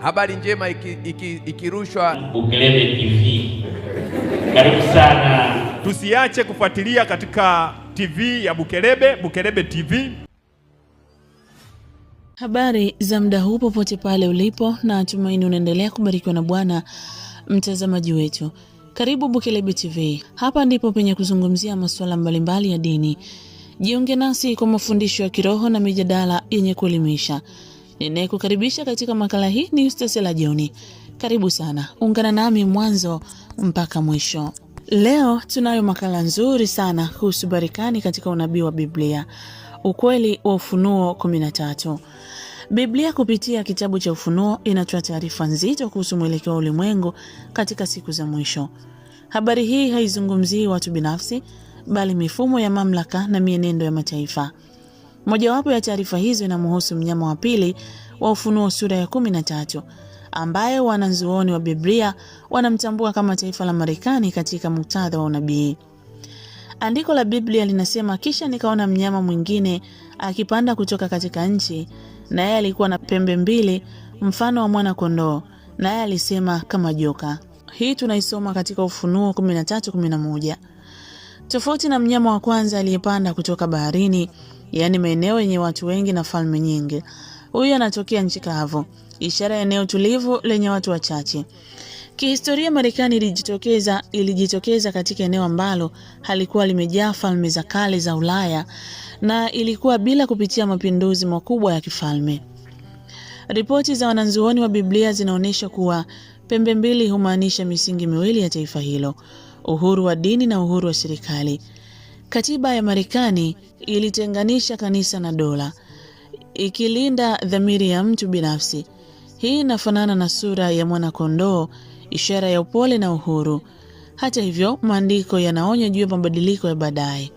Habari njema ikirushwa iki, iki Bukelebe TV. Karibu sana, tusiache kufuatilia katika TV ya Bukelebe, Bukelebe TV. Habari za muda huu popote pale ulipo, na tumaini unaendelea kubarikiwa na Bwana mtazamaji wetu. Karibu Bukelebe TV, hapa ndipo penye kuzungumzia masuala mbalimbali ya dini. Jiunge nasi kwa mafundisho ya kiroho na mijadala yenye kuelimisha. Ninayekukaribisha katika makala hii ni Eustace la Jioni. Karibu sana, ungana nami mwanzo mpaka mwisho. Leo tunayo makala nzuri sana kuhusu barikani katika unabii wa Biblia, ukweli wa Ufunuo 13. Biblia kupitia kitabu cha Ufunuo inatoa taarifa nzito kuhusu mwelekeo wa ulimwengu katika siku za mwisho. Habari hii haizungumzii watu binafsi, bali mifumo ya mamlaka na mienendo ya mataifa. Mojawapo ya taarifa hizo inamhusu mnyama wa pili wa Ufunuo sura ya kumi na tatu ambaye wanazuoni wa Biblia wanamtambua kama taifa la Marekani katika muktadha wa unabii. Andiko la Biblia linasema, kisha nikaona mnyama mwingine akipanda kutoka katika nchi, naye alikuwa na pembe mbili mfano wa mwana-kondoo, naye alisema kama joka. Hii tunaisoma katika Ufunuo 13:11. Tofauti na mnyama wa kwanza aliyepanda kutoka baharini, yaani maeneo yenye watu wengi na falme nyingi. Huyu anatokea nchi kavu, ishara ya eneo tulivu lenye watu wachache. Kihistoria, Marekani ilijitokeza ilijitokeza katika eneo ambalo halikuwa limejaa falme za kale za Ulaya na ilikuwa bila kupitia mapinduzi makubwa ya kifalme. Ripoti za wanazuoni wa Biblia zinaonyesha kuwa pembe mbili humaanisha misingi miwili ya taifa hilo: uhuru wa dini na uhuru wa serikali. Katiba ya Marekani ilitenganisha kanisa na dola, ikilinda dhamiri ya mtu binafsi. Hii inafanana na sura ya mwana-kondoo, ishara ya upole na uhuru. Hata hivyo, maandiko yanaonya juu ya mabadiliko ya baadaye.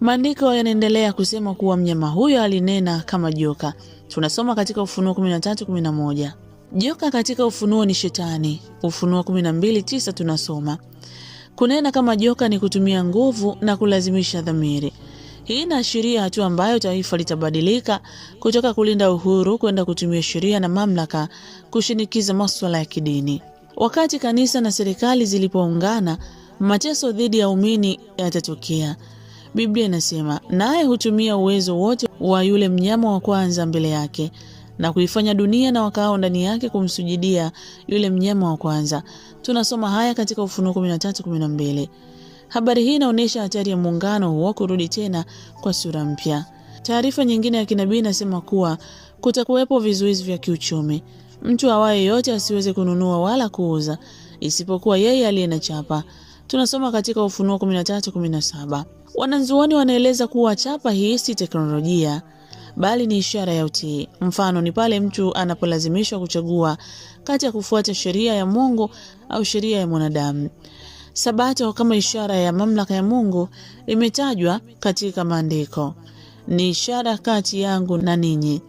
Maandiko yanaendelea kusema kuwa mnyama huyo alinena kama joka. Tunasoma katika Ufunuo 13:11. Joka katika Ufunuo ni Shetani. Ufunuo 12:9 tunasoma Kunena kama joka ni kutumia nguvu na kulazimisha dhamiri. Hii inaashiria hatua ambayo taifa litabadilika kutoka kulinda uhuru kwenda kutumia sheria na mamlaka kushinikiza maswala ya kidini. Wakati kanisa na serikali zilipoungana, mateso dhidi ya umini yatatokea. Biblia inasema, naye hutumia uwezo wote wa yule mnyama wa kwanza mbele yake na kuifanya dunia na wakao ndani yake kumsujudia yule mnyama wa kwanza. Tunasoma haya katika Ufunuo 13:12. Habari hii inaonyesha hatari ya muungano huo kurudi tena kwa sura mpya. Taarifa nyingine ya kinabii inasema kuwa kutakuwepo vizuizi vya kiuchumi, mtu awaye yote asiweze kununua wala kuuza isipokuwa yeye aliye na chapa. Tunasoma katika Ufunuo 13:17. Wanazuoni wanaeleza kuwa chapa hii si teknolojia bali ni ishara ya utii. Mfano ni pale mtu anapolazimishwa kuchagua kati ya kufuata sheria ya Mungu au sheria ya mwanadamu. Sabato kama ishara ya mamlaka ya Mungu imetajwa katika Maandiko, ni ishara kati yangu na ninyi.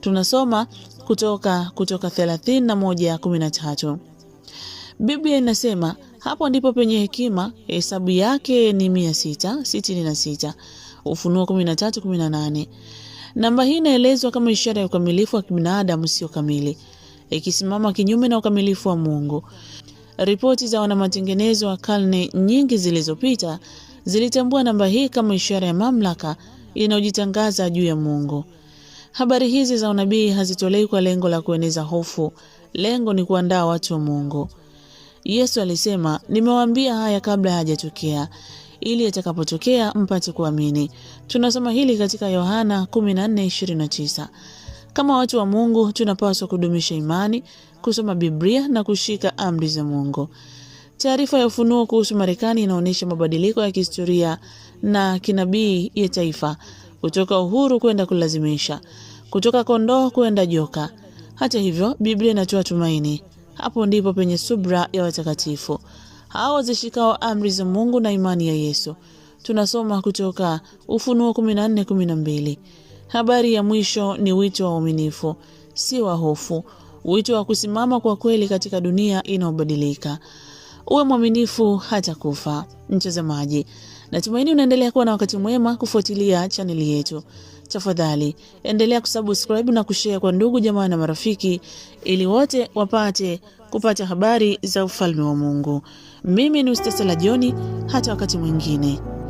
Tunasoma kutoka Kutoka 31:13. Biblia inasema hapo ndipo penye hekima, hesabu yake ni 666. Ufunuo 13:18. Namba hii inaelezwa kama ishara ya ukamilifu wa kibinadamu sio kamili, ikisimama kinyume na ukamilifu wa Mungu. Ripoti za wanamatengenezo wa karne nyingi zilizopita zilitambua namba hii kama ishara ya mamlaka inayojitangaza juu ya Mungu. Habari hizi za unabii hazitolewi kwa lengo la kueneza hofu, lengo ni kuandaa watu wa Mungu. Yesu alisema, nimewaambia haya kabla hayajatokea ili atakapotokea mpate kuamini. Tunasoma hili katika Yohana 14:29. Kama watu wa Mungu tunapaswa kudumisha imani, kusoma Biblia na kushika amri za Mungu. Taarifa ya Ufunuo kuhusu Marekani inaonyesha mabadiliko ya kihistoria na kinabii ya taifa, kutoka uhuru kwenda kulazimisha, kutoka kondoo kwenda joka. Hata hivyo, Biblia inatoa tumaini. Hapo ndipo penye subra ya watakatifu hawa wazishikao amri za Mungu na imani ya Yesu. Tunasoma kutoka Ufunuo 14:12. Habari ya mwisho ni wito wa uaminifu, si wa hofu, wito wa kusimama kwa kweli katika dunia inayobadilika. Uwe mwaminifu hata kufa. Mtazamaji, natumaini unaendelea kuwa na wakati mwema kufuatilia chaneli yetu. Tafadhali endelea kusubscribe na kushare kwa ndugu, jamaa na marafiki, ili wote wapate kupata habari za ufalme wa Mungu. Mimi ni Ustasala Joni, hata wakati mwingine.